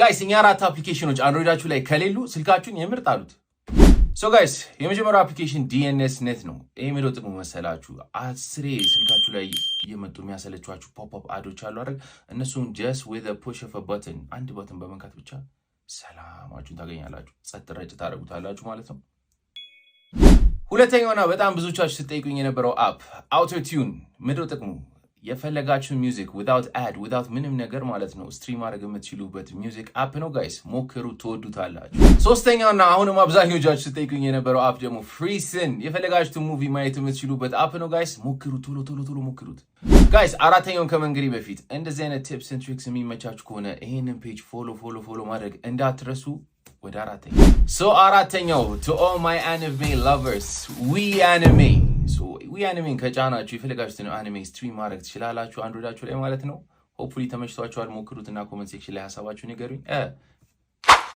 ጋይስ እኛ አራት አፕሊኬሽኖች አንድሮይዳችሁ ላይ ከሌሉ ስልካችሁን የምርጥ አሉት። ሶ ጋይስ የመጀመሪያው አፕሊኬሽን ዲኤንኤስ ኔት ነው። ይህ የሚለው ጥቅሙ መሰላችሁ አስሬ ስልካችሁ ላይ እየመጡ የሚያሰለችኋችሁ ፖፕ አዶች አሉ አይደል? እነሱን ጀስት ዊዝ ፑሽ ኦፍ በተን አንድ በተን በመንካት ብቻ ሰላማችሁን ታገኛላችሁ። ጸጥ ረጭ ታደረጉታላችሁ ማለት ነው። ሁለተኛውና በጣም ብዙቻችሁ ስጠይቁኝ የነበረው አፕ አውቶ ቲዩን ምድር ጥቅሙ የፈለጋችሁ ሚውዚክ ዊዛውት አድ ዊዛውት ምንም ነገር ማለት ነው ስትሪም ማድረግ የምትችሉበት ሚውዚክ አፕ ነው ጋይስ፣ ሞክሩ፣ ትወዱታላችሁ። ሶስተኛውና አሁንም አብዛኞቻችሁ ስጠይቁኝ የነበረው አፕ ደግሞ ፍሪስን የፈለጋችሁትን ሙቪ ማየት የምትችሉበት አፕ ነው ጋይስ፣ ሞክሩ፣ ቶሎ ቶሎ ቶሎ ሞክሩት ጋይስ። አራተኛውን ከመንገዴ በፊት እንደዚህ አይነት ቲፕስ ኤንድ ትሪክስ የሚመቻችሁ ከሆነ ይህንን ፔጅ ፎሎ ፎሎ ፎሎ ማድረግ እንዳትረሱ። ወደ አራተኛው ሶ አራተኛው ቱ ኦል ማይ አኒሜ ላቨርስ ዊ አኒሜ ዊ አኒሜን ከጫናችሁ የፈለጋችሁትን አኒሜ ስትሪም ማድረግ ትችላላችሁ ላይ ማለት ነው። ሆፕፉሊ ተመችቷችኋል። ሞክሩትና ኮመንት ሴክሽን ላይ ሀሳባችሁን ይገሩኝ።